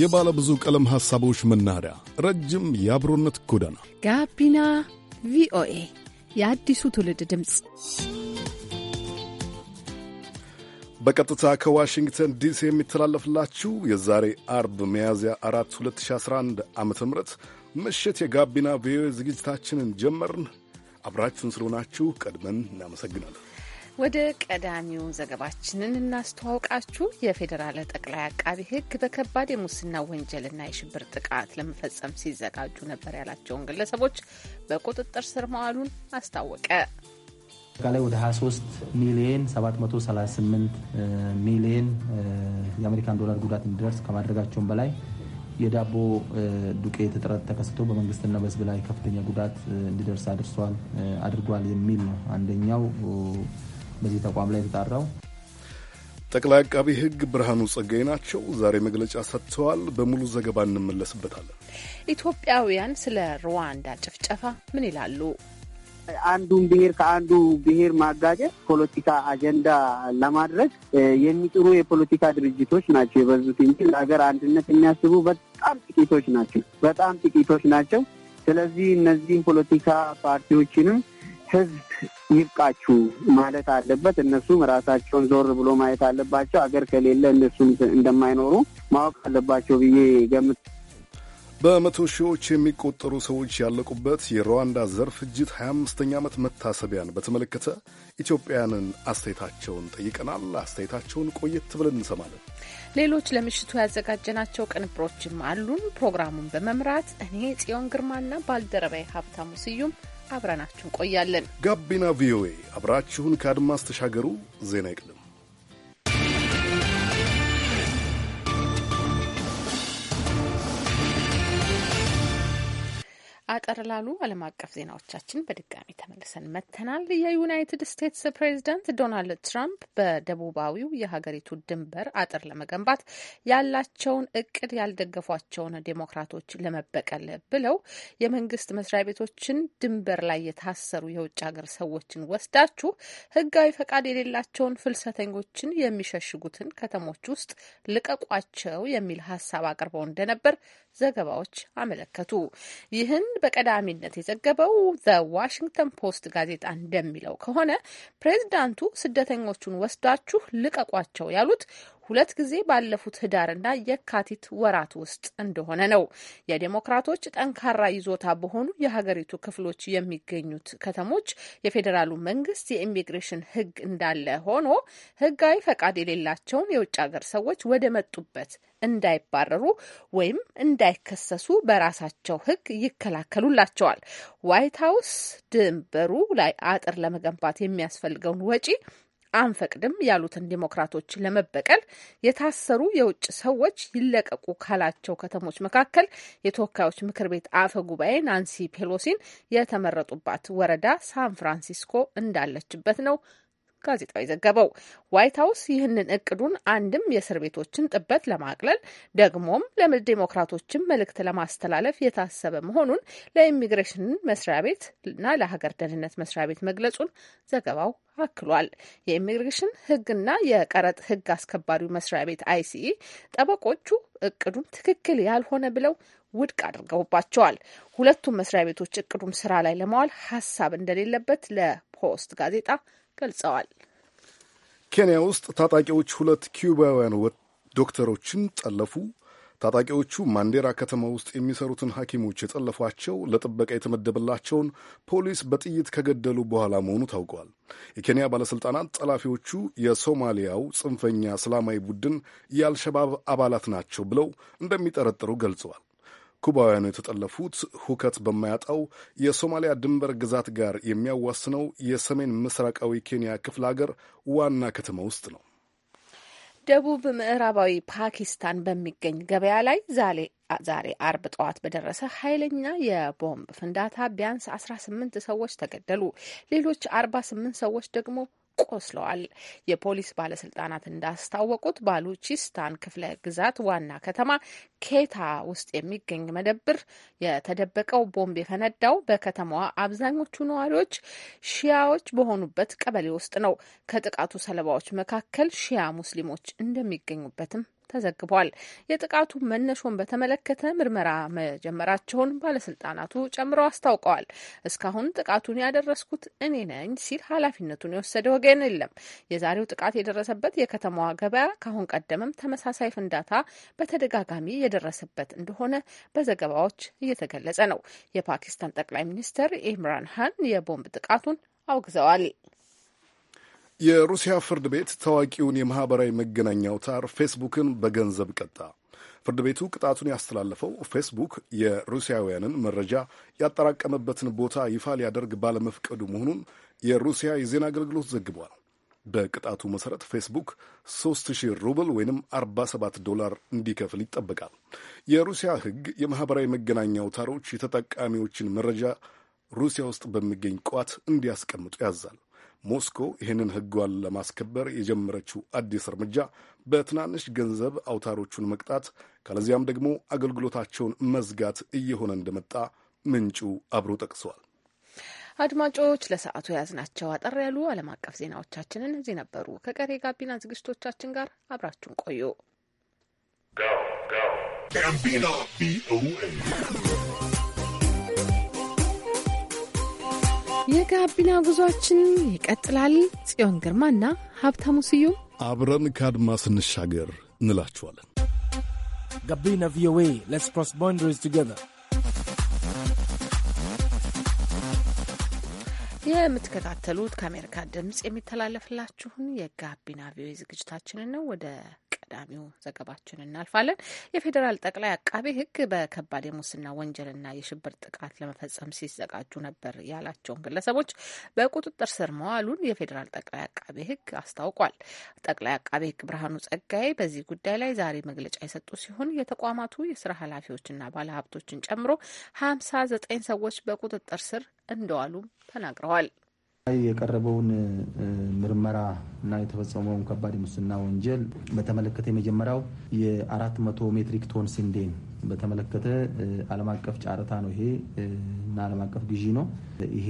የባለ ብዙ ቀለም ሐሳቦች መናኸሪያ፣ ረጅም የአብሮነት ጎዳና ጋቢና ቪኦኤ የአዲሱ ትውልድ ድምፅ በቀጥታ ከዋሽንግተን ዲሲ የሚተላለፍላችሁ የዛሬ አርብ ሚያዝያ 4 2011 ዓ ም ምሽት የጋቢና ቪኦኤ ዝግጅታችንን ጀመርን። አብራችሁን ስለሆናችሁ ቀድመን እናመሰግናለን። ወደ ቀዳሚው ዘገባችንን እናስተዋውቃችሁ። የፌዴራል ጠቅላይ አቃቢ ሕግ በከባድ የሙስና ወንጀልና የሽብር ጥቃት ለመፈጸም ሲዘጋጁ ነበር ያላቸውን ግለሰቦች በቁጥጥር ስር መዋሉን አስታወቀ። አጠቃላይ ወደ 23 ሚሊዮን 738 ሚሊዮን የአሜሪካን ዶላር ጉዳት እንዲደርስ ከማድረጋቸውም በላይ የዳቦ ዱቄት እጥረት ተከስቶ በመንግስትና በህዝብ ላይ ከፍተኛ ጉዳት እንዲደርስ አድርሷል አድርጓል የሚል ነው አንደኛው በዚህ ተቋም ላይ የተጣራው። ጠቅላይ አቃቢ ሕግ ብርሃኑ ጸጋይ ናቸው። ዛሬ መግለጫ ሰጥተዋል። በሙሉ ዘገባ እንመለስበታለን። ኢትዮጵያውያን ስለ ሩዋንዳ ጭፍጨፋ ምን ይላሉ? አንዱን ብሔር ከአንዱ ብሔር ማጋጨት ፖለቲካ አጀንዳ ለማድረግ የሚጥሩ የፖለቲካ ድርጅቶች ናቸው የበዙት እንጂ ለሀገር አንድነት የሚያስቡ በጣም ጥቂቶች ናቸው። በጣም ጥቂቶች ናቸው። ስለዚህ እነዚህም ፖለቲካ ፓርቲዎችንም ህዝብ ይብቃችሁ ማለት አለበት። እነሱም ራሳቸውን ዞር ብሎ ማየት አለባቸው። አገር ከሌለ እነሱም እንደማይኖሩ ማወቅ አለባቸው ብዬ ገምት በመቶ ሺዎች የሚቆጠሩ ሰዎች ያለቁበት የሩዋንዳ ዘር ፍጅት 25ኛ ዓመት መታሰቢያን በተመለከተ ኢትዮጵያውያንን አስተያየታቸውን ጠይቀናል። አስተያየታቸውን ቆየት ብለን እንሰማለን። ሌሎች ለምሽቱ ያዘጋጀናቸው ቅንብሮችም አሉን። ፕሮግራሙን በመምራት እኔ ጽዮን ግርማና ባልደረባይ ሀብታሙ ስዩም አብረናችሁ እንቆያለን። ጋቢና ቪኦኤ አብራችሁን ከአድማስ ተሻገሩ። ዜና ይቅደም። አጠር ላሉ ዓለም አቀፍ ዜናዎቻችን በድጋሚ ተመልሰን መጥተናል። የዩናይትድ ስቴትስ ፕሬዚዳንት ዶናልድ ትራምፕ በደቡባዊው የሀገሪቱ ድንበር አጥር ለመገንባት ያላቸውን እቅድ ያልደገፏቸውን ዴሞክራቶች ለመበቀል ብለው የመንግስት መስሪያ ቤቶችን ድንበር ላይ የታሰሩ የውጭ ሀገር ሰዎችን ወስዳችሁ ህጋዊ ፈቃድ የሌላቸውን ፍልሰተኞችን የሚሸሽጉትን ከተሞች ውስጥ ልቀቋቸው የሚል ሀሳብ አቅርበው እንደነበር ዘገባዎች አመለከቱ። ይህን በቀዳሚነት የዘገበው ዘ ዋሽንግተን ፖስት ጋዜጣ እንደሚለው ከሆነ ፕሬዚዳንቱ ስደተኞቹን ወስዳችሁ ልቀቋቸው ያሉት ሁለት ጊዜ ባለፉት ህዳርና የካቲት ወራት ውስጥ እንደሆነ ነው። የዴሞክራቶች ጠንካራ ይዞታ በሆኑ የሀገሪቱ ክፍሎች የሚገኙት ከተሞች የፌዴራሉ መንግስት የኢሚግሬሽን ህግ እንዳለ ሆኖ ህጋዊ ፈቃድ የሌላቸውን የውጭ ሀገር ሰዎች ወደ መጡበት እንዳይባረሩ ወይም እንዳይከሰሱ በራሳቸው ህግ ይከላከሉላቸዋል። ዋይት ሀውስ ድንበሩ ላይ አጥር ለመገንባት የሚያስፈልገውን ወጪ አንፈቅድም ያሉትን ዲሞክራቶች ለመበቀል የታሰሩ የውጭ ሰዎች ይለቀቁ ካላቸው ከተሞች መካከል የተወካዮች ምክር ቤት አፈ ጉባኤ ናንሲ ፔሎሲን የተመረጡባት ወረዳ ሳን ፍራንሲስኮ እንዳለችበት ነው። ጋዜጣው የዘገበው። ዋይት ሀውስ ይህንን እቅዱን አንድም የእስር ቤቶችን ጥበት ለማቅለል ደግሞም ዴሞክራቶችን መልእክት ለማስተላለፍ የታሰበ መሆኑን ለኢሚግሬሽን መስሪያ ቤት እና ለሀገር ደህንነት መስሪያ ቤት መግለጹን ዘገባው አክሏል። የኢሚግሬሽን ህግና የቀረጥ ህግ አስከባሪው መስሪያ ቤት አይሲኢ ጠበቆቹ እቅዱን ትክክል ያልሆነ ብለው ውድቅ አድርገውባቸዋል። ሁለቱም መስሪያ ቤቶች እቅዱን ስራ ላይ ለማዋል ሀሳብ እንደሌለበት ለፖስት ጋዜጣ ገልጸዋል። ኬንያ ውስጥ ታጣቂዎች ሁለት ኪዩባውያን ዶክተሮችን ጠለፉ። ታጣቂዎቹ ማንዴራ ከተማ ውስጥ የሚሰሩትን ሐኪሞች የጠለፏቸው ለጥበቃ የተመደበላቸውን ፖሊስ በጥይት ከገደሉ በኋላ መሆኑ ታውቋል። የኬንያ ባለሥልጣናት ጠላፊዎቹ የሶማሊያው ጽንፈኛ እስላማዊ ቡድን የአልሸባብ አባላት ናቸው ብለው እንደሚጠረጥሩ ገልጸዋል። ኩባውያኑ የተጠለፉት ሁከት በማያጣው የሶማሊያ ድንበር ግዛት ጋር የሚያዋስነው የሰሜን ምስራቃዊ ኬንያ ክፍለ አገር ዋና ከተማ ውስጥ ነው። ደቡብ ምዕራባዊ ፓኪስታን በሚገኝ ገበያ ላይ ዛሬ ዛሬ አርብ ጠዋት በደረሰ ኃይለኛ የቦምብ ፍንዳታ ቢያንስ 18 ሰዎች ተገደሉ። ሌሎች 48 ሰዎች ደግሞ ቆስለዋል። የፖሊስ ባለስልጣናት እንዳስታወቁት ባሉቺስታን ክፍለ ግዛት ዋና ከተማ ኬታ ውስጥ የሚገኝ መደብር የተደበቀው ቦምብ የፈነዳው በከተማዋ አብዛኞቹ ነዋሪዎች ሺያዎች በሆኑበት ቀበሌ ውስጥ ነው። ከጥቃቱ ሰለባዎች መካከል ሺያ ሙስሊሞች እንደሚገኙበትም ተዘግቧል። የጥቃቱ መነሾን በተመለከተ ምርመራ መጀመራቸውን ባለስልጣናቱ ጨምረው አስታውቀዋል። እስካሁን ጥቃቱን ያደረስኩት እኔ ነኝ ሲል ኃላፊነቱን የወሰደ ወገን የለም። የዛሬው ጥቃት የደረሰበት የከተማዋ ገበያ ካሁን ቀደምም ተመሳሳይ ፍንዳታ በተደጋጋሚ የደረሰበት እንደሆነ በዘገባዎች እየተገለጸ ነው። የፓኪስታን ጠቅላይ ሚኒስትር ኢምራን ሃን የቦምብ ጥቃቱን አውግዘዋል። የሩሲያ ፍርድ ቤት ታዋቂውን የማኅበራዊ መገናኛ አውታር ፌስቡክን በገንዘብ ቀጣ። ፍርድ ቤቱ ቅጣቱን ያስተላለፈው ፌስቡክ የሩሲያውያንን መረጃ ያጠራቀመበትን ቦታ ይፋ ሊያደርግ ባለመፍቀዱ መሆኑን የሩሲያ የዜና አገልግሎት ዘግቧል። በቅጣቱ መሠረት ፌስቡክ 3000 ሩብል ወይም 47 ዶላር እንዲከፍል ይጠበቃል። የሩሲያ ሕግ የማኅበራዊ መገናኛ አውታሮች የተጠቃሚዎችን መረጃ ሩሲያ ውስጥ በሚገኝ ቋት እንዲያስቀምጡ ያዛል። ሞስኮ ይህንን ሕጓን ለማስከበር የጀመረችው አዲስ እርምጃ በትናንሽ ገንዘብ አውታሮቹን መቅጣት ከለዚያም ደግሞ አገልግሎታቸውን መዝጋት እየሆነ እንደመጣ ምንጩ አብሮ ጠቅሰዋል። አድማጮች ለሰዓቱ የያዝናቸው አጠር ያሉ ዓለም አቀፍ ዜናዎቻችንን እዚህ ነበሩ። ከቀሪ ጋቢና ዝግጅቶቻችን ጋር አብራችሁን ቆዩ። የጋቢና ጉዟችን ይቀጥላል። ጽዮን ግርማና ሀብታሙ ስዩም አብረን ከአድማ ስንሻገር እንላችኋለን። ጋቢና ቪኦኤ ሌትስ ክሮስ ቦንደሪስ ቱጌዘር የምትከታተሉት ከአሜሪካ ድምፅ የሚተላለፍላችሁን የጋቢና ቪኦኤ ዝግጅታችንን ነው። ወደ ቀዳሚው ዘገባችን እናልፋለን። የፌዴራል ጠቅላይ አቃቤ ሕግ በከባድ የሙስና ወንጀልና የሽብር ጥቃት ለመፈጸም ሲዘጋጁ ነበር ያላቸውን ግለሰቦች በቁጥጥር ስር መዋሉን የፌዴራል ጠቅላይ አቃቤ ሕግ አስታውቋል። ጠቅላይ አቃቤ ሕግ ብርሃኑ ጸጋዬ በዚህ ጉዳይ ላይ ዛሬ መግለጫ የሰጡ ሲሆን የተቋማቱ የስራ ኃላፊዎችና ባለሀብቶችን ጨምሮ ሀምሳ ዘጠኝ ሰዎች በቁጥጥር ስር እንደዋሉም ተናግረዋል። የቀረበውን ምርመራ እና የተፈጸመውን ከባድ የሙስና ወንጀል በተመለከተ የመጀመሪያው የ400 ሜትሪክ ቶን ስንዴን በተመለከተ ዓለም አቀፍ ጨረታ ነው ይሄ እና ዓለም አቀፍ ግዢ ነው። ይሄ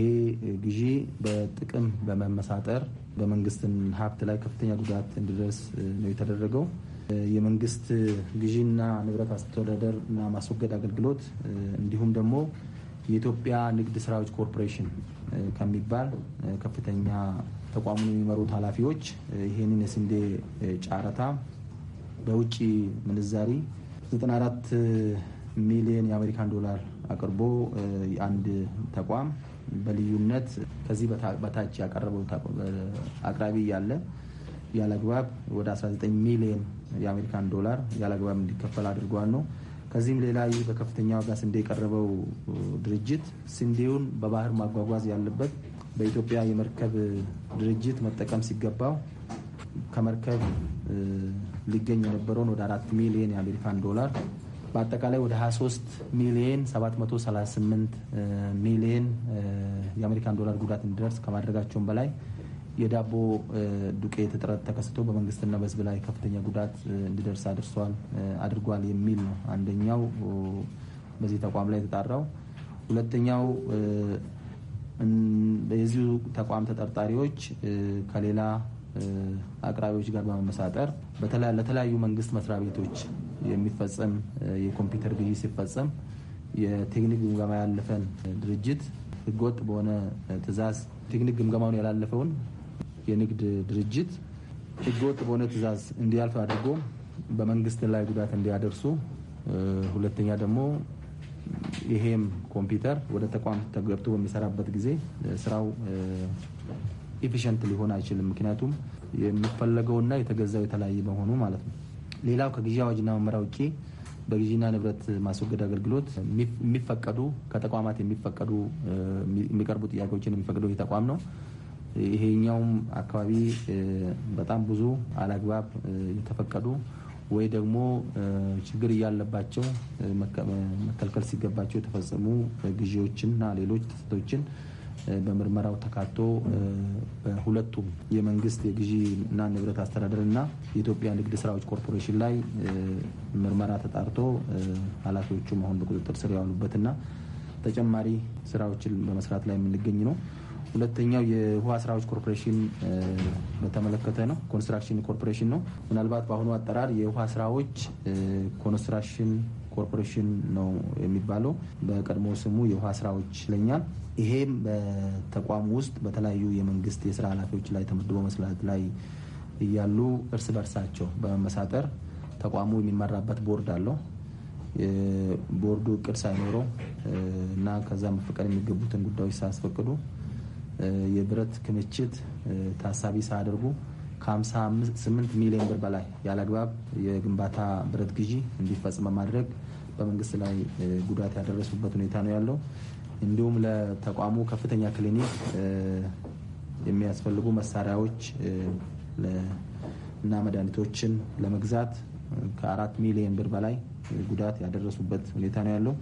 ግዢ በጥቅም በመመሳጠር በመንግስትን ሀብት ላይ ከፍተኛ ጉዳት እንዲደርስ ነው የተደረገው። የመንግስት ግዢና ንብረት አስተዳደር እና ማስወገድ አገልግሎት እንዲሁም ደግሞ የኢትዮጵያ ንግድ ስራዎች ኮርፖሬሽን ከሚባል ከፍተኛ ተቋሙን የሚመሩት ኃላፊዎች ይህንን የስንዴ ጨረታ በውጭ ምንዛሪ 94 ሚሊዮን የአሜሪካን ዶላር አቅርቦ አንድ ተቋም በልዩነት ከዚህ በታች ያቀረበው አቅራቢ ያለ ያለግባብ ወደ 19 ሚሊዮን የአሜሪካን ዶላር ያለግባብ እንዲከፈል አድርጓል ነው። ከዚህም ሌላ ይህ በከፍተኛ ዋጋ ስንዴ የቀረበው ድርጅት ስንዴውን በባህር ማጓጓዝ ያለበት በኢትዮጵያ የመርከብ ድርጅት መጠቀም ሲገባው ከመርከብ ሊገኝ የነበረውን ወደ 4 ሚሊየን የአሜሪካን ዶላር በአጠቃላይ ወደ 23 ሚሊየን 738 ሚሊዮን የአሜሪካን ዶላር ጉዳት እንዲደርስ ከማድረጋቸውም በላይ የዳቦ ዱቄት እጥረት ተከስቶ በመንግስትና በህዝብ ላይ ከፍተኛ ጉዳት እንዲደርስ አድርሷል አድርጓል የሚል ነው አንደኛው በዚህ ተቋም ላይ የተጣራው። ሁለተኛው የዚሁ ተቋም ተጠርጣሪዎች ከሌላ አቅራቢዎች ጋር በመመሳጠር ለተለያዩ መንግስት መስሪያ ቤቶች የሚፈጸም የኮምፒውተር ግዢ ሲፈጸም የቴክኒክ ግምገማ ያለፈን ድርጅት ህገወጥ በሆነ ትዕዛዝ ቴክኒክ ግምገማውን ያላለፈውን የንግድ ድርጅት ህገወጥ በሆነ ትዕዛዝ እንዲያልፍ አድርጎ በመንግስት ላይ ጉዳት እንዲያደርሱ፣ ሁለተኛ ደግሞ ይሄም ኮምፒውተር ወደ ተቋም ተገብቶ በሚሰራበት ጊዜ ስራው ኢፊሽንት ሊሆን አይችልም። ምክንያቱም የሚፈለገውና የተገዛው የተለያየ በሆኑ ማለት ነው። ሌላው ከግዢ አዋጅና መመሪያ ውጭ በግዢና ንብረት ማስወገድ አገልግሎት የሚፈቀዱ ከተቋማት የሚፈቀዱ የሚቀርቡ ጥያቄዎችን የሚፈቅደው ተቋም ነው። ይሄኛውም አካባቢ በጣም ብዙ አላግባብ የተፈቀዱ ወይ ደግሞ ችግር እያለባቸው መከልከል ሲገባቸው የተፈጸሙ ግዢዎችንና ሌሎች ጥሰቶችን በምርመራው ተካቶ በሁለቱም የመንግስት የግዢና ንብረት አስተዳደርና የኢትዮጵያ ንግድ ስራዎች ኮርፖሬሽን ላይ ምርመራ ተጣርቶ ኃላፊዎቹ አሁን በቁጥጥር ስር ያሉበትና ተጨማሪ ስራዎችን በመስራት ላይ የምንገኝ ነው። ሁለተኛው የውሃ ስራዎች ኮርፖሬሽን በተመለከተ ነው። ኮንስትራክሽን ኮርፖሬሽን ነው። ምናልባት በአሁኑ አጠራር የውሃ ስራዎች ኮንስትራክሽን ኮርፖሬሽን ነው የሚባለው። በቀድሞ ስሙ የውሃ ስራዎች ይለኛል። ይሄም በተቋም ውስጥ በተለያዩ የመንግስት የስራ ኃላፊዎች ላይ ተመድቦ መስራት ላይ እያሉ እርስ በርሳቸው በመመሳጠር ተቋሙ የሚመራበት ቦርድ አለው። ቦርዱ እቅድ ሳይኖረው እና ከዛ መፈቀድ የሚገቡትን ጉዳዮች ሳያስፈቅዱ የብረት ክምችት ታሳቢ ሳያደርጉ ከ58 ሚሊዮን ብር በላይ ያለአግባብ የግንባታ ብረት ግዢ እንዲፈጽም በማድረግ በመንግስት ላይ ጉዳት ያደረሱበት ሁኔታ ነው ያለው። እንዲሁም ለተቋሙ ከፍተኛ ክሊኒክ የሚያስፈልጉ መሳሪያዎች እና መድኃኒቶችን ለመግዛት ከአራት ሚሊዮን ብር በላይ ጉዳት ያደረሱበት ሁኔታ ነው ያለው።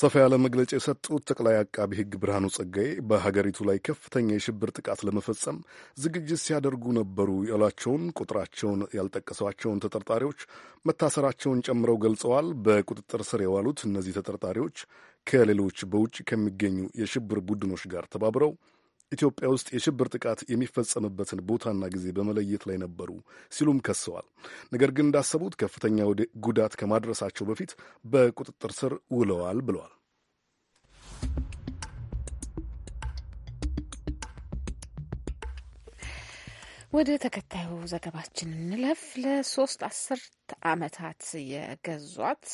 ሰፋ ያለ መግለጫ የሰጡት ጠቅላይ አቃቢ ሕግ ብርሃኑ ጸጋዬ በሀገሪቱ ላይ ከፍተኛ የሽብር ጥቃት ለመፈጸም ዝግጅት ሲያደርጉ ነበሩ ያሏቸውን ቁጥራቸውን ያልጠቀሷቸውን ተጠርጣሪዎች መታሰራቸውን ጨምረው ገልጸዋል። በቁጥጥር ስር የዋሉት እነዚህ ተጠርጣሪዎች ከሌሎች በውጭ ከሚገኙ የሽብር ቡድኖች ጋር ተባብረው ኢትዮጵያ ውስጥ የሽብር ጥቃት የሚፈጸምበትን ቦታና ጊዜ በመለየት ላይ ነበሩ ሲሉም ከሰዋል። ነገር ግን እንዳሰቡት ከፍተኛ ጉዳት ከማድረሳቸው በፊት በቁጥጥር ስር ውለዋል ብለዋል። ወደ ተከታዩ ዘገባችን እንለፍ። ለሶስት አስርት ዓመታት የገዟት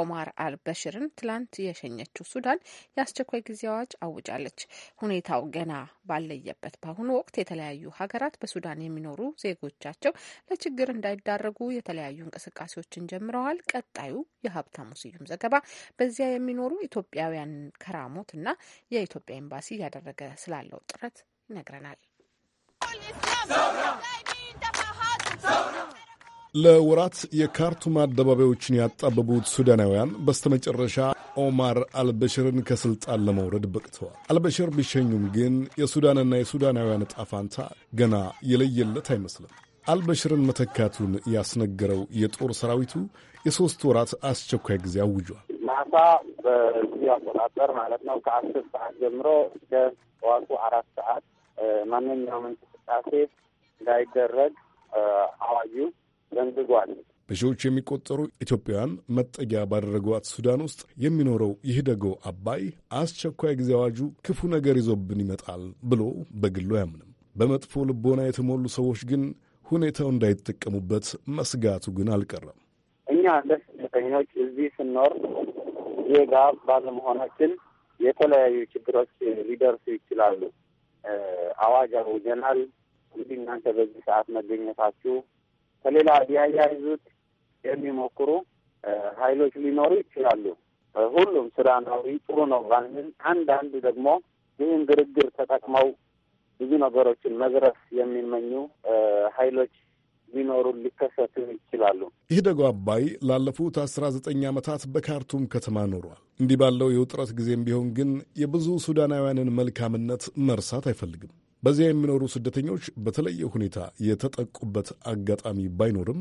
ኦማር አልበሽርን ትላንት የሸኘችው ሱዳን የአስቸኳይ ጊዜ አዋጅ አውጃለች። ሁኔታው ገና ባለየበት በአሁኑ ወቅት የተለያዩ ሀገራት በሱዳን የሚኖሩ ዜጎቻቸው ለችግር እንዳይዳረጉ የተለያዩ እንቅስቃሴዎችን ጀምረዋል። ቀጣዩ የሀብታሙ ስዩም ዘገባ በዚያ የሚኖሩ ኢትዮጵያውያን ከራሞት እና የኢትዮጵያ ኤምባሲ እያደረገ ስላለው ጥረት ይነግረናል። ለወራት የካርቱም አደባባዮችን ያጣበቡት ሱዳናውያን በስተመጨረሻ ኦማር አልበሽርን ከስልጣን ለመውረድ በቅተዋል። አልበሽር ቢሸኙም ግን የሱዳንና የሱዳናውያን ዕጣ ገና የለየለት አይመስልም። አልበሽርን መተካቱን ያስነገረው የጦር ሰራዊቱ የሶስት ወራት አስቸኳይ ጊዜ አውጇል። ማታ በዚህ አቆጣጠር ማለት ነው ከአስር ሰዓት ጀምሮ እስከ ጠዋቱ አራት ሰዓት ማንኛውም እንቅስቃሴ እንዳይደረግ አዋዩ ዘንዝጓል። በሺዎች የሚቆጠሩ ኢትዮጵያውያን መጠጊያ ባደረጓት ሱዳን ውስጥ የሚኖረው ይህ ደጎ አባይ አስቸኳይ ጊዜ አዋጁ ክፉ ነገር ይዞብን ይመጣል ብሎ በግሉ አያምንም። በመጥፎ ልቦና የተሞሉ ሰዎች ግን ሁኔታው እንዳይጠቀሙበት መስጋቱ ግን አልቀረም። እኛ እንደ ስደተኞች እዚህ ስኖር ዜጋ ባለመሆናችን የተለያዩ ችግሮች ሊደርሱ ይችላሉ። አዋጅ አውጀናል። እንግዲህ እናንተ በዚህ ሰዓት መገኘታችሁ ከሌላ ሊያያይዙት የሚሞክሩ ኃይሎች ሊኖሩ ይችላሉ። ሁሉም ስራ ነው ጥሩ ነው ባንል፣ አንዳንድ ደግሞ ይህን ግርግር ተጠቅመው ብዙ ነገሮችን መዝረፍ የሚመኙ ኃይሎች ሊኖሩ ሊከሰቱ ይችላሉ። ኢህደጉ አባይ ላለፉት አስራ ዘጠኝ ዓመታት በካርቱም ከተማ ኖሯል። እንዲህ ባለው የውጥረት ጊዜም ቢሆን ግን የብዙ ሱዳናውያንን መልካምነት መርሳት አይፈልግም። በዚያ የሚኖሩ ስደተኞች በተለየ ሁኔታ የተጠቁበት አጋጣሚ ባይኖርም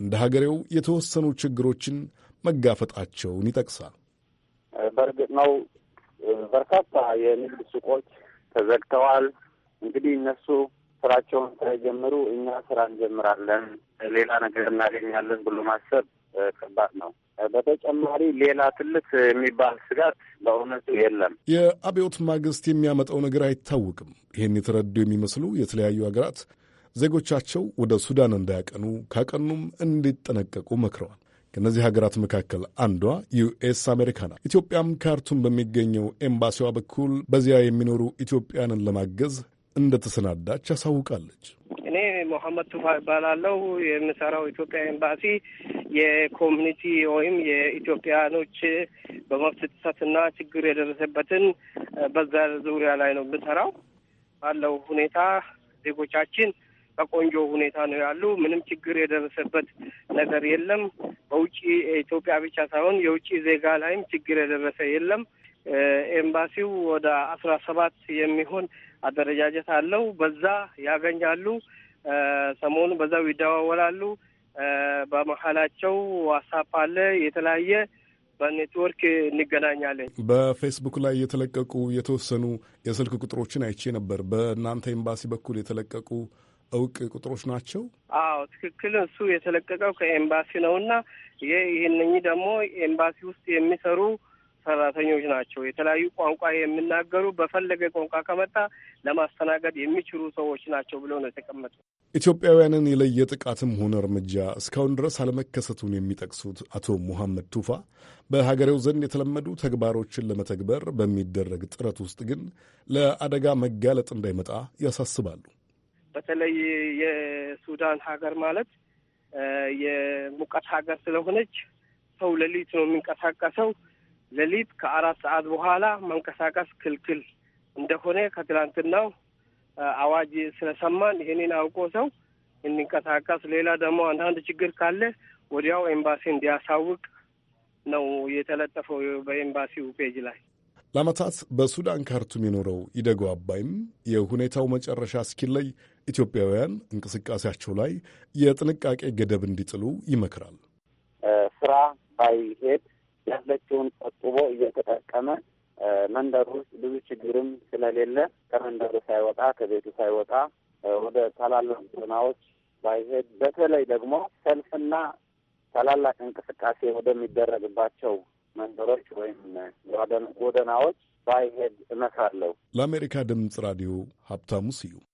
እንደ ሀገሬው የተወሰኑ ችግሮችን መጋፈጣቸውን ይጠቅሳል። በእርግጥ ነው በርካታ የንግድ ሱቆች ተዘግተዋል። እንግዲህ እነሱ ስራቸውን ሳይጀምሩ እኛ ስራ እንጀምራለን፣ ሌላ ነገር እናገኛለን ብሎ ማሰብ ከባድ ነው። በተጨማሪ ሌላ ትልቅ የሚባል ስጋት በእውነቱ የለም። የአብዮት ማግስት የሚያመጣው ነገር አይታወቅም። ይህን የተረዱ የሚመስሉ የተለያዩ ሀገራት ዜጎቻቸው ወደ ሱዳን እንዳያቀኑ ካቀኑም እንዲጠነቀቁ መክረዋል። ከእነዚህ ሀገራት መካከል አንዷ ዩኤስ አሜሪካ ናት። ኢትዮጵያም ካርቱም በሚገኘው ኤምባሲዋ በኩል በዚያ የሚኖሩ ኢትዮጵያንን ለማገዝ እንደተሰናዳች አሳውቃለች። መሐመድ ቱፋ ይባላለው። የምሰራው ኢትዮጵያ ኤምባሲ የኮሚኒቲ ወይም የኢትዮጵያኖች በመብት ጥሰትና ችግር የደረሰበትን በዛ ዙሪያ ላይ ነው የምሰራው። ባለው ሁኔታ ዜጎቻችን በቆንጆ ሁኔታ ነው ያሉ። ምንም ችግር የደረሰበት ነገር የለም። በውጭ ኢትዮጵያ ብቻ ሳይሆን የውጭ ዜጋ ላይም ችግር የደረሰ የለም። ኤምባሲው ወደ አስራ ሰባት የሚሆን አደረጃጀት አለው። በዛ ያገኛሉ። ሰሞኑ በዛው ይደዋወላሉ። በመሀላቸው ዋትሳፕ አለ የተለያየ በኔትወርክ እንገናኛለን። በፌስቡክ ላይ የተለቀቁ የተወሰኑ የስልክ ቁጥሮችን አይቼ ነበር። በእናንተ ኤምባሲ በኩል የተለቀቁ እውቅ ቁጥሮች ናቸው? አዎ ትክክል። እሱ የተለቀቀው ከኤምባሲ ነው እና ይህ ደግሞ ኤምባሲ ውስጥ የሚሰሩ ሰራተኞች ናቸው። የተለያዩ ቋንቋ የሚናገሩ በፈለገ ቋንቋ ከመጣ ለማስተናገድ የሚችሉ ሰዎች ናቸው ብለው ነው የተቀመጡ። ኢትዮጵያውያንን የለየ ጥቃትም ሆነ እርምጃ እስካሁን ድረስ አለመከሰቱን የሚጠቅሱት አቶ ሙሐመድ ቱፋ በሀገሬው ዘንድ የተለመዱ ተግባሮችን ለመተግበር በሚደረግ ጥረት ውስጥ ግን ለአደጋ መጋለጥ እንዳይመጣ ያሳስባሉ። በተለይ የሱዳን ሀገር ማለት የሙቀት ሀገር ስለሆነች ሰው ሌሊት ነው የሚንቀሳቀሰው። ሌሊት ከአራት ሰዓት በኋላ መንቀሳቀስ ክልክል እንደሆነ ከትላንትናው አዋጅ ስለሰማን ይህንን አውቆ ሰው እንንቀሳቀስ። ሌላ ደግሞ አንዳንድ ችግር ካለ ወዲያው ኤምባሲ እንዲያሳውቅ ነው የተለጠፈው በኤምባሲው ፔጅ ላይ። ለአመታት በሱዳን ካርቱም የኖረው ኢደጎ አባይም የሁኔታው መጨረሻ እስኪለይ ኢትዮጵያውያን እንቅስቃሴያቸው ላይ የጥንቃቄ ገደብ እንዲጥሉ ይመክራል። ስራ ባይሄድ ያለችውን ቆጥቦ እየተጠቀመ መንደር ውስጥ ብዙ ችግርም ስለሌለ ከመንደሩ ሳይወጣ ከቤቱ ሳይወጣ ወደ ታላላቅ ጎዳናዎች ባይሄድ በተለይ ደግሞ ሰልፍና ታላላቅ እንቅስቃሴ ወደሚደረግባቸው መንደሮች ወይም ጎዳናዎች ባይሄድ እመክራለሁ። ለአሜሪካ ድምፅ ራዲዮ ሀብታሙ ስዩም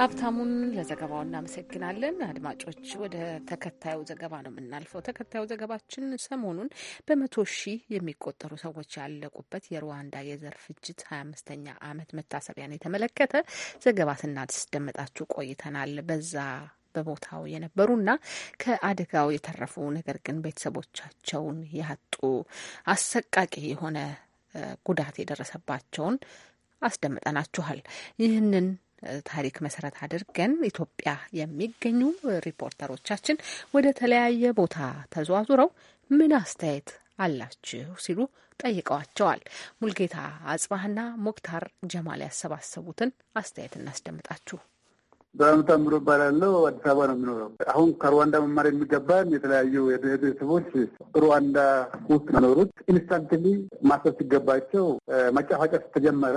ሀብታሙን ለዘገባው እናመሰግናለን። አድማጮች ወደ ተከታዩ ዘገባ ነው የምናልፈው። ተከታዩ ዘገባችን ሰሞኑን በመቶ ሺህ የሚቆጠሩ ሰዎች ያለቁበት የሩዋንዳ የዘር ፍጅት ሀያ አምስተኛ ዓመት መታሰቢያን የተመለከተ ዘገባ ስናስደምጣችሁ ቆይተናል። በዛ በቦታው የነበሩና ከአደጋው የተረፉ ነገር ግን ቤተሰቦቻቸውን ያጡ አሰቃቂ የሆነ ጉዳት የደረሰባቸውን አስደምጠናችኋል። ይህንን ታሪክ መሰረት አድርገን ኢትዮጵያ የሚገኙ ሪፖርተሮቻችን ወደ ተለያየ ቦታ ተዘዋዙረው ምን አስተያየት አላችሁ ሲሉ ጠይቀዋቸዋል። ሙልጌታ አጽባህና ሞክታር ጀማል ያሰባሰቡትን አስተያየት እናስደምጣችሁ። በጣም እባላለሁ። አዲስ አበባ ነው የምኖረው። አሁን ከሩዋንዳ መማር የሚገባን የተለያዩ ቤተሰቦች ሩዋንዳ ውስጥ መኖሩት ኢንስታንትሊ ማሰብ ሲገባቸው መጫፋጫ ተጀመረ።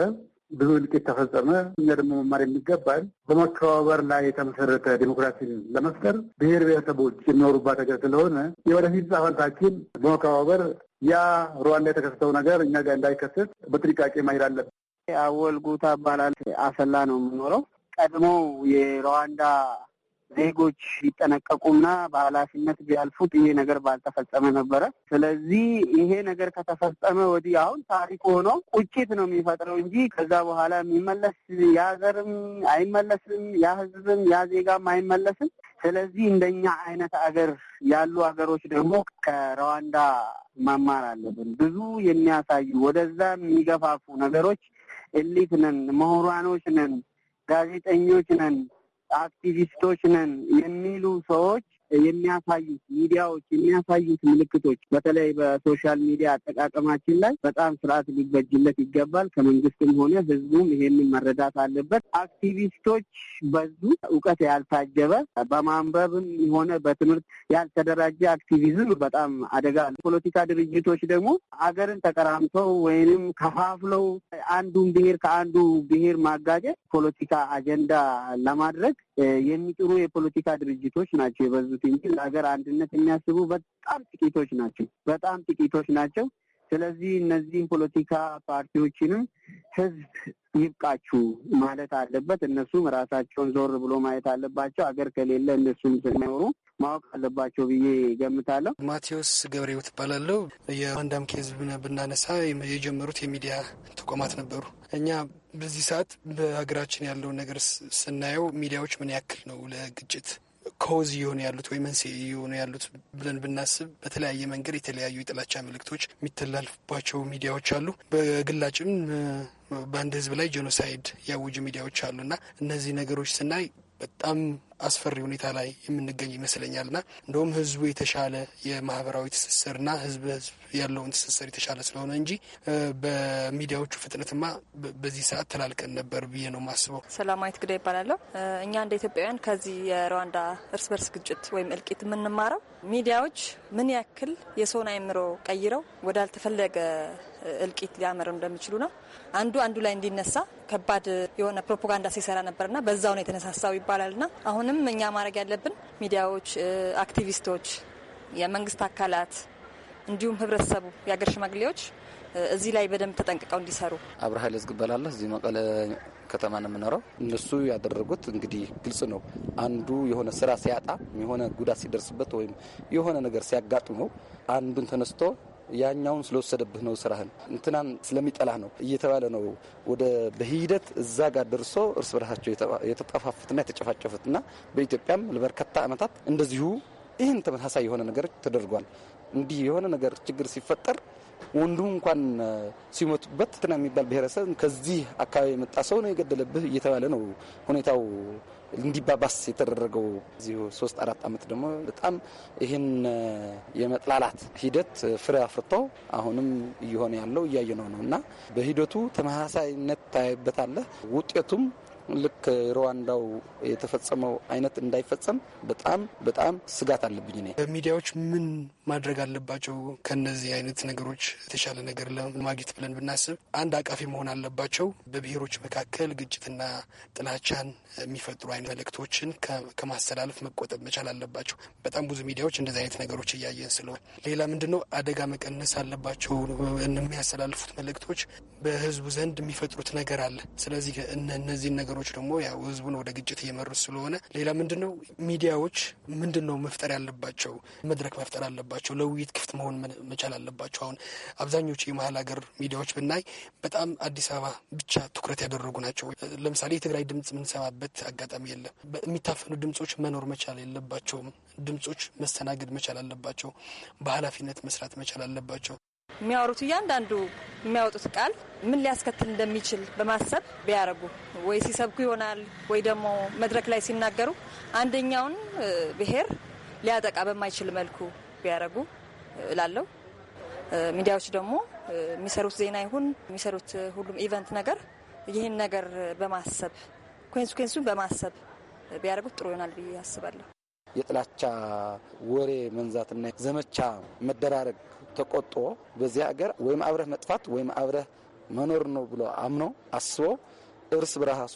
ብዙ እልቂት ተፈጸመ። እኛ ደግሞ መማር የሚገባል በመከባበር ላይ የተመሰረተ ዲሞክራሲን ለመፍጠር ብሔር ብሔረሰቦች የሚኖሩባት ሀገር ስለሆነ የወደፊት ጻፈንታችን በመከባበር ያ ሩዋንዳ የተከሰተው ነገር እኛ ጋር እንዳይከሰት በጥንቃቄ ማሄድ አለብን። አወል ጉታ አሰላ ነው የምኖረው። ቀድሞ የሩዋንዳ ዜጎች ቢጠነቀቁና በኃላፊነት ቢያልፉት ይሄ ነገር ባልተፈጸመ ነበረ። ስለዚህ ይሄ ነገር ከተፈጸመ ወዲህ አሁን ታሪክ ሆኖ ቁጭት ነው የሚፈጥረው እንጂ ከዛ በኋላ የሚመለስ ያዘርም፣ አይመለስም፣ ያ ህዝብም ያ ዜጋም አይመለስም። ስለዚህ እንደኛ አይነት አገር ያሉ አገሮች ደግሞ ከሩዋንዳ መማር አለብን። ብዙ የሚያሳዩ ወደዛ የሚገፋፉ ነገሮች ኤሊት ነን፣ ምሁራኖች ነን፣ ጋዜጠኞች ነን አክቲቪስቶች ነን የሚሉ ሰዎች የሚያሳዩት ሚዲያዎች የሚያሳዩት ምልክቶች በተለይ በሶሻል ሚዲያ አጠቃቀማችን ላይ በጣም ስርዓት ሊበጅለት ይገባል። ከመንግስትም ሆነ ህዝቡም ይሄንን መረዳት አለበት። አክቲቪስቶች በዙ። እውቀት ያልታጀበ በማንበብም ሆነ በትምህርት ያልተደራጀ አክቲቪዝም በጣም አደጋ አለ። ፖለቲካ ድርጅቶች ደግሞ አገርን ተቀራምተው ወይንም ከፋፍለው አንዱን ብሄር ከአንዱ ብሄር ማጋጨት ፖለቲካ አጀንዳ ለማድረግ የሚጥሩ የፖለቲካ ድርጅቶች ናቸው የበዙት። የሚያስቡት እንጂ ለሀገር አንድነት የሚያስቡ በጣም ጥቂቶች ናቸው። በጣም ጥቂቶች ናቸው። ስለዚህ እነዚህም ፖለቲካ ፓርቲዎችንም ህዝብ ይብቃችሁ ማለት አለበት። እነሱም ራሳቸውን ዞር ብሎ ማየት አለባቸው። አገር ከሌለ እነሱም ስለማይኖሩ ማወቅ አለባቸው ብዬ ገምታለሁ። ማቴዎስ ገብሬው ትባላለሁ። የአንዳምክ ህዝብ ብናነሳ የጀመሩት የሚዲያ ተቋማት ነበሩ። እኛ በዚህ ሰዓት በሀገራችን ያለውን ነገር ስናየው ሚዲያዎች ምን ያክል ነው ለግጭት ኮዝ እየሆኑ ያሉት ወይ መንስኤ እየሆኑ ያሉት ብለን ብናስብ በተለያየ መንገድ የተለያዩ የጥላቻ ምልክቶች የሚተላልፉባቸው ሚዲያዎች አሉ። በግላጭም በአንድ ህዝብ ላይ ጄኖሳይድ ያውጁ ሚዲያዎች እና እነዚህ ነገሮች ስናይ በጣም አስፈሪ ሁኔታ ላይ የምንገኝ ይመስለኛል ና እንደውም ህዝቡ የተሻለ የማህበራዊ ትስስር ና ህዝብ ህዝብ ያለውን ትስስር የተሻለ ስለሆነ እንጂ በሚዲያዎቹ ፍጥነትማ በዚህ ሰዓት ተላልቀን ነበር ብዬ ነው ማስበው። ሰላማዊት ግዳ ይባላለሁ። እኛ እንደ ኢትዮጵያውያን ከዚህ የሩዋንዳ እርስ በርስ ግጭት ወይም እልቂት የምንማረው ሚዲያዎች ምን ያክል የሰውን አይምሮ ቀይረው ወዳልተፈለገ እልቂት ሊያመር እንደሚችሉ ነው። አንዱ አንዱ ላይ እንዲነሳ ከባድ የሆነ ፕሮፓጋንዳ ሲሰራ ነበርና በዛው ነው የተነሳሳው ይባላልና አሁንም እኛ ማድረግ ያለብን ሚዲያዎች፣ አክቲቪስቶች፣ የመንግስት አካላት እንዲሁም ህብረተሰቡ፣ የአገር ሽማግሌዎች እዚህ ላይ በደንብ ተጠንቅቀው እንዲሰሩ። አብረ ሀይል ዝግበላለሁ እዚህ መቀለ ከተማ ነው የምኖረው። እነሱ ያደረጉት እንግዲህ ግልጽ ነው። አንዱ የሆነ ስራ ሲያጣ የሆነ ጉዳት ሲደርስበት ወይም የሆነ ነገር ሲያጋጥመው አንዱን ተነስቶ ያኛውን ስለወሰደብህ ነው ስራህን እንትናን ስለሚጠላህ ነው እየተባለ ነው ወደ በሂደት እዛ ጋር ደርሶ እርስ በርሳቸው የተጠፋፉትና የተጨፋጨፉትና በኢትዮጵያም ለበርካታ ዓመታት እንደዚሁ ይህን ተመሳሳይ የሆነ ነገር ተደርጓል። እንዲህ የሆነ ነገር ችግር ሲፈጠር ወንዱ እንኳን ሲሞቱበት ትና የሚባል ብሔረሰብ ከዚህ አካባቢ የመጣ ሰው ነው የገደለብህ እየተባለ ነው ሁኔታው እንዲባባስ የተደረገው እዚሁ ሶስት አራት ዓመት ደግሞ በጣም ይህን የመጥላላት ሂደት ፍሬ አፍርቶ አሁንም እየሆነ ያለው እያየነው ነው ነው እና በሂደቱ ተመሳሳይነት ታይበታለህ ውጤቱም ልክ ሩዋንዳው የተፈጸመው አይነት እንዳይፈጸም በጣም በጣም ስጋት አለብኝ። እኔ ሚዲያዎች ምን ማድረግ አለባቸው? ከነዚህ አይነት ነገሮች የተሻለ ነገር ለማግኘት ብለን ብናስብ አንድ አቃፊ መሆን አለባቸው። በብሔሮች መካከል ግጭትና ጥላቻን የሚፈጥሩ አይነት መልእክቶችን ከማስተላለፍ መቆጠብ መቻል አለባቸው። በጣም ብዙ ሚዲያዎች እንደዚህ አይነት ነገሮች እያየን ስለሆነ ሌላ ምንድነው አደጋ መቀነስ አለባቸው። የሚያስተላልፉት መልእክቶች በህዝቡ ዘንድ የሚፈጥሩት ነገር አለ። ስለዚህ እነዚህን ነገሮች ቡድኖች ደግሞ ያው ህዝቡን ወደ ግጭት እየመሩት ስለሆነ ሌላ ምንድን ነው ሚዲያዎች ምንድን ነው መፍጠር ያለባቸው መድረክ መፍጠር አለባቸው። ለውይይት ክፍት መሆን መቻል አለባቸው። አሁን አብዛኞቹ የመሀል ሀገር ሚዲያዎች ብናይ በጣም አዲስ አበባ ብቻ ትኩረት ያደረጉ ናቸው። ለምሳሌ የትግራይ ድምጽ የምንሰማበት አጋጣሚ የለም። የሚታፈኑ ድምጾች መኖር መቻል የለባቸውም። ድምጾች መስተናገድ መቻል አለባቸው። በኃላፊነት መስራት መቻል አለባቸው። የሚያወሩት እያንዳንዱ የሚያወጡት ቃል ምን ሊያስከትል እንደሚችል በማሰብ ቢያረጉ ወይ ሲሰብኩ ይሆናል ወይ ደግሞ መድረክ ላይ ሲናገሩ አንደኛውን ብሔር ሊያጠቃ በማይችል መልኩ ቢያረጉ እላለሁ። ሚዲያዎች ደግሞ የሚሰሩት ዜና ይሁን የሚሰሩት ሁሉም ኢቨንት ነገር ይህን ነገር በማሰብ ኮንስ ኮንሱን በማሰብ ቢያደርጉት ጥሩ ይሆናል ብዬ አስባለሁ። የጥላቻ ወሬ መንዛትና ዘመቻ መደራረግ ተቆጦ በዚህ ሀገር ወይም አብረህ መጥፋት ወይም አብረህ መኖር ነው ብሎ አምኖ አስቦ እርስ በራሱ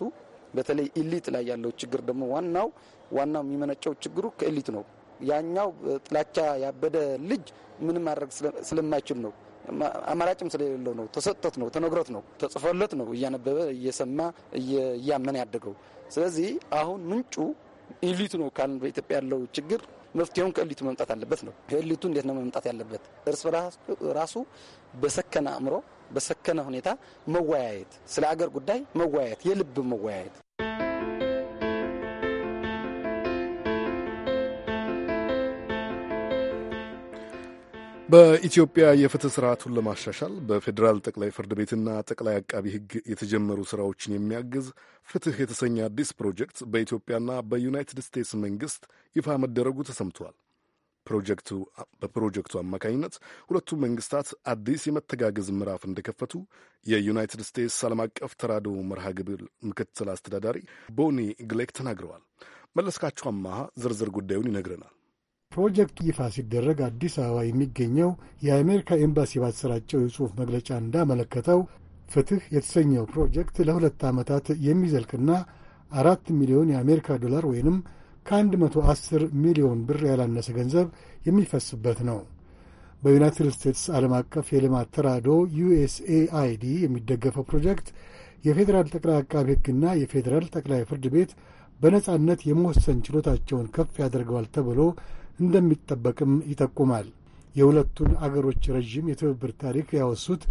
በተለይ ኢሊት ላይ ያለው ችግር ደግሞ ዋናው ዋናው የሚመነጨው ችግሩ ከኢሊት ነው። ያኛው ጥላቻ ያበደ ልጅ ምን ማድረግ ስለማይችል ነው። አማራጭም ስለሌለው ነው። ተሰጥቶት ነው፣ ተነግሮት ነው፣ ተጽፎለት ነው፣ እያነበበ እየሰማ እያመነ ያደገው። ስለዚህ አሁን ምንጩ ኢሊቱ ነው ካልን በኢትዮጵያ ያለው ችግር መፍትሄውን ከእሊቱ መምጣት አለበት ነው። ከእሊቱ እንዴት ነው መምጣት ያለበት? እርስ ራሱ በሰከነ አእምሮ፣ በሰከነ ሁኔታ መወያየት፣ ስለ አገር ጉዳይ መወያየት፣ የልብ መወያየት በኢትዮጵያ የፍትህ ስርዓቱን ለማሻሻል በፌዴራል ጠቅላይ ፍርድ ቤትና ጠቅላይ አቃቢ ህግ የተጀመሩ ስራዎችን የሚያግዝ ፍትህ የተሰኘ አዲስ ፕሮጀክት በኢትዮጵያና በዩናይትድ ስቴትስ መንግስት ይፋ መደረጉ ተሰምቷል። ፕሮጀክቱ በፕሮጀክቱ አማካኝነት ሁለቱ መንግስታት አዲስ የመተጋገዝ ምዕራፍ እንደከፈቱ የዩናይትድ ስቴትስ ዓለም አቀፍ ተራዶ መርሃ ግብር ምክትል አስተዳዳሪ ቦኒ ግሌክ ተናግረዋል። መለስካቸው አማሃ ዝርዝር ጉዳዩን ይነግረናል። ፕሮጀክቱ ይፋ ሲደረግ አዲስ አበባ የሚገኘው የአሜሪካ ኤምባሲ ባሰራጨው የጽሑፍ መግለጫ እንዳመለከተው ፍትሕ የተሰኘው ፕሮጀክት ለሁለት ዓመታት የሚዘልቅና አራት ሚሊዮን የአሜሪካ ዶላር ወይንም ከአንድ መቶ አስር ሚሊዮን ብር ያላነሰ ገንዘብ የሚፈስበት ነው። በዩናይትድ ስቴትስ ዓለም አቀፍ የልማት ተራድኦ ዩኤስኤአይዲ የሚደገፈው ፕሮጀክት የፌዴራል ጠቅላይ አቃቢ ሕግና የፌዴራል ጠቅላይ ፍርድ ቤት በነጻነት የመወሰን ችሎታቸውን ከፍ ያደርገዋል ተብሎ እንደሚጠበቅም ይጠቁማል። የሁለቱን አገሮች ረዥም የትብብር ታሪክ ያወሱት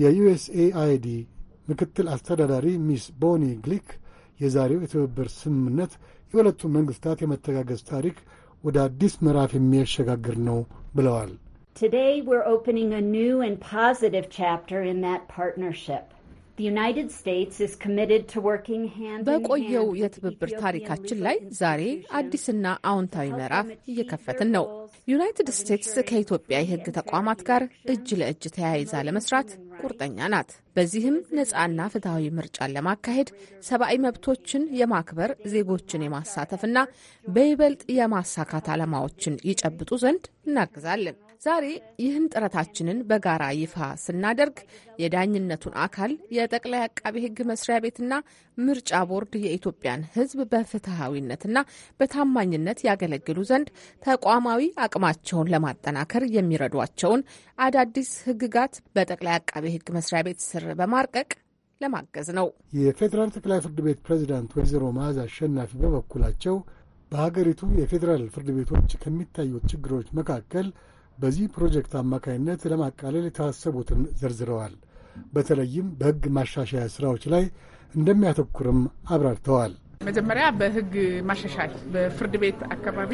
የዩኤስኤአይዲ ምክትል አስተዳዳሪ ሚስ ቦኒ ግሊክ የዛሬው የትብብር ስምምነት የሁለቱን መንግሥታት የመተጋገዝ ታሪክ ወደ አዲስ ምዕራፍ የሚያሸጋግር ነው ብለዋል። Today we're opening a new and positive chapter in that partnership. በቆየው የትብብር ታሪካችን ላይ ዛሬ አዲስና አዎንታዊ ምዕራፍ እየከፈትን ነው። ዩናይትድ ስቴትስ ከኢትዮጵያ የሕግ ተቋማት ጋር እጅ ለእጅ ተያይዛ ለመስራት ቁርጠኛ ናት። በዚህም ነፃና ፍትሐዊ ምርጫን ለማካሄድ ሰብአዊ መብቶችን የማክበር ዜጎችን የማሳተፍና በይበልጥ የማሳካት ዓላማዎችን ይጨብጡ ዘንድ እናግዛለን። ዛሬ ይህን ጥረታችንን በጋራ ይፋ ስናደርግ የዳኝነቱን አካል የጠቅላይ አቃቤ ሕግ መስሪያ ቤትና ምርጫ ቦርድ የኢትዮጵያን ሕዝብ በፍትሐዊነትና በታማኝነት ያገለግሉ ዘንድ ተቋማዊ አቅማቸውን ለማጠናከር የሚረዷቸውን አዳዲስ ሕግጋት በጠቅላይ አቃቤ ሕግ መስሪያ ቤት ስር በማርቀቅ ለማገዝ ነው። የፌዴራል ጠቅላይ ፍርድ ቤት ፕሬዚዳንት ወይዘሮ መዓዛ አሸናፊ በበኩላቸው በሀገሪቱ የፌዴራል ፍርድ ቤቶች ከሚታዩት ችግሮች መካከል በዚህ ፕሮጀክት አማካኝነት ለማቃለል የታሰቡትን ዘርዝረዋል። በተለይም በሕግ ማሻሻያ ስራዎች ላይ እንደሚያተኩርም አብራርተዋል። መጀመሪያ በሕግ ማሻሻል በፍርድ ቤት አካባቢ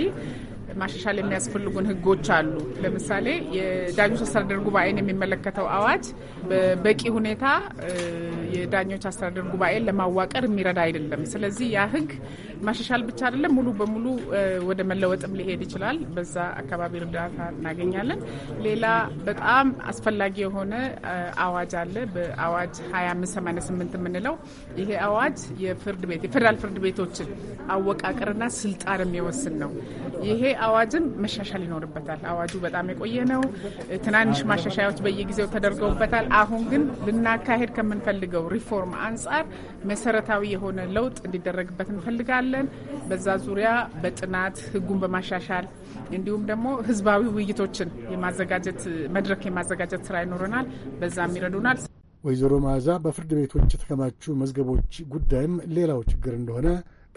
ማሻሻል የሚያስፈልጉን ህጎች አሉ። ለምሳሌ የዳኞች አስተዳደር ጉባኤን የሚመለከተው አዋጅ በበቂ ሁኔታ የዳኞች አስተዳደር ጉባኤን ለማዋቀር የሚረዳ አይደለም። ስለዚህ ያ ህግ ማሻሻል ብቻ አይደለም፣ ሙሉ በሙሉ ወደ መለወጥም ሊሄድ ይችላል። በዛ አካባቢ እርዳታ እናገኛለን። ሌላ በጣም አስፈላጊ የሆነ አዋጅ አለ። በአዋጅ 2588 የምንለው ይሄ አዋጅ የፍርድ ቤት የፌዴራል ፍርድ ቤቶችን አወቃቀርና ስልጣን የሚወስን ነው። ይሄ አዋጅን መሻሻል ይኖርበታል። አዋጁ በጣም የቆየ ነው። ትናንሽ ማሻሻያዎች በየጊዜው ተደርገውበታል። አሁን ግን ልናካሄድ ከምንፈልገው ሪፎርም አንጻር መሰረታዊ የሆነ ለውጥ እንዲደረግበት እንፈልጋለን። በዛ ዙሪያ በጥናት ህጉን በማሻሻል እንዲሁም ደግሞ ህዝባዊ ውይይቶችን የማዘጋጀት መድረክ የማዘጋጀት ስራ ይኖረናል። በዛም ይረዱናል። ወይዘሮ መዓዛ በፍርድ ቤቶች የተከማቹ መዝገቦች ጉዳይም ሌላው ችግር እንደሆነ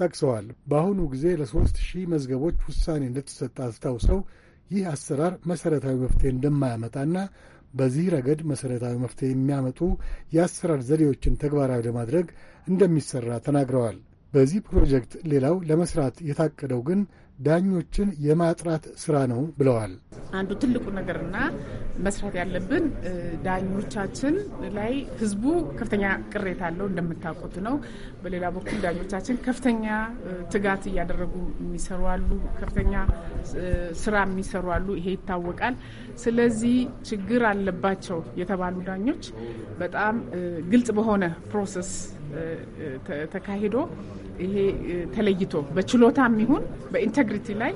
ጠቅሰዋል። በአሁኑ ጊዜ ለሶስት ሺህ መዝገቦች ውሳኔ እንደተሰጠ አስታውሰው ይህ አሰራር መሠረታዊ መፍትሄ እንደማያመጣና በዚህ ረገድ መሠረታዊ መፍትሄ የሚያመጡ የአሰራር ዘዴዎችን ተግባራዊ ለማድረግ እንደሚሠራ ተናግረዋል። በዚህ ፕሮጀክት ሌላው ለመስራት የታቀደው ግን ዳኞችን የማጥራት ስራ ነው ብለዋል። አንዱ ትልቁ ነገርና መስራት ያለብን ዳኞቻችን ላይ ህዝቡ ከፍተኛ ቅሬታ አለው፣ እንደምታውቁት ነው። በሌላ በኩል ዳኞቻችን ከፍተኛ ትጋት እያደረጉ የሚሰሩ አሉ፣ ከፍተኛ ስራ የሚሰሩ አሉ። ይሄ ይታወቃል። ስለዚህ ችግር አለባቸው የተባሉ ዳኞች በጣም ግልጽ በሆነ ፕሮሰስ ተካሂዶ ይሄ ተለይቶ በችሎታም ይሁን በኢንተግሪቲ ላይ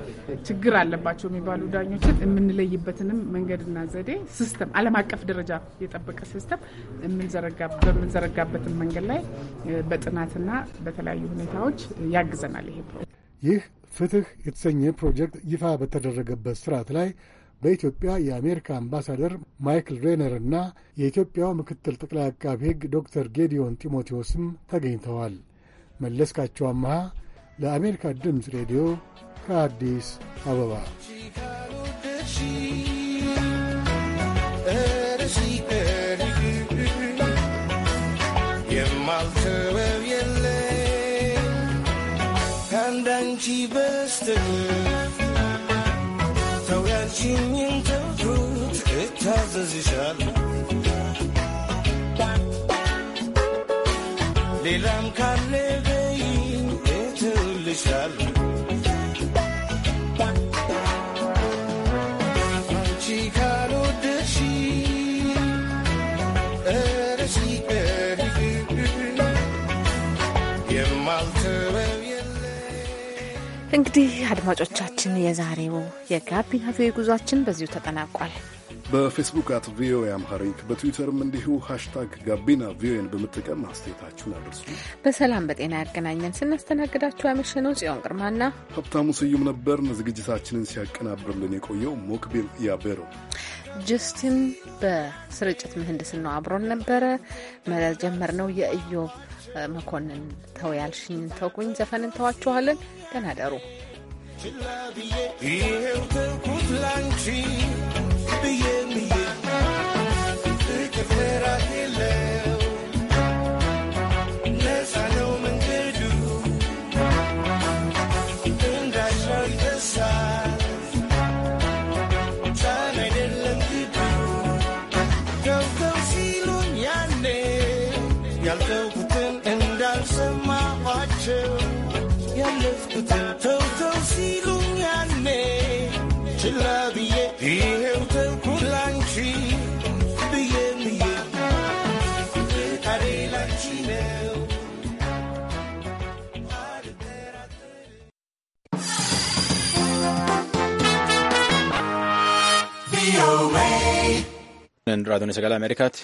ችግር አለባቸው የሚባሉ ዳኞችን የምንለይበትንም መንገድና ዘዴ ሲስተም ዓለም አቀፍ ደረጃ የጠበቀ ሲስተም በምንዘረጋበትን መንገድ ላይ በጥናትና በተለያዩ ሁኔታዎች ያግዘናል። ይሄ ይህ ፍትህ የተሰኘ ፕሮጀክት ይፋ በተደረገበት ስርዓት ላይ በኢትዮጵያ የአሜሪካ አምባሳደር ማይክል ሬነር እና የኢትዮጵያው ምክትል ጠቅላይ አቃቢ ሕግ ዶክተር ጌዲዮን ጢሞቴዎስም ተገኝተዋል። መለስካቸው አመሃ ለአሜሪካ ድምፅ ሬዲዮ ከአዲስ አበባ የማልተወው የለ ከአንዳንቺ ይልሻል አንቺ ካልወደድሽ እረሺ የማልተወው የለ። እንግዲህ አድማጮቻችን አድማጮቻችን የዛሬው የጋቢና ቪኦኤ ጉዟችን በዚሁ ተጠናቋል። በፌስቡክ አት ቪኦኤ አምሃሪክ በትዊተርም እንዲሁ ሃሽታግ ጋቢና ቪኦኤን በመጠቀም አስተያየታችሁን አድርሱ። በሰላም በጤና ያገናኘን። ስናስተናግዳችሁ ያመሸነው ጽዮን ግርማና ሀብታሙ ስዩም ነበርን። ዝግጅታችንን ሲያቀናብርልን የቆየው ሞክቢል ያቤሮ፣ ጀስቲን በስርጭት ምህንድስናው አብሮን ነበረ። መጀመር ነው የእዮ መኮንን ተው ያልሽኝ ተውኩኝ ዘፈንን ተዋችኋለን። ደህና ደሩ። ይሄው ትኩት ላንቺ ብዬ ብዬ Kun raadiyoon sagale Ameerikaati.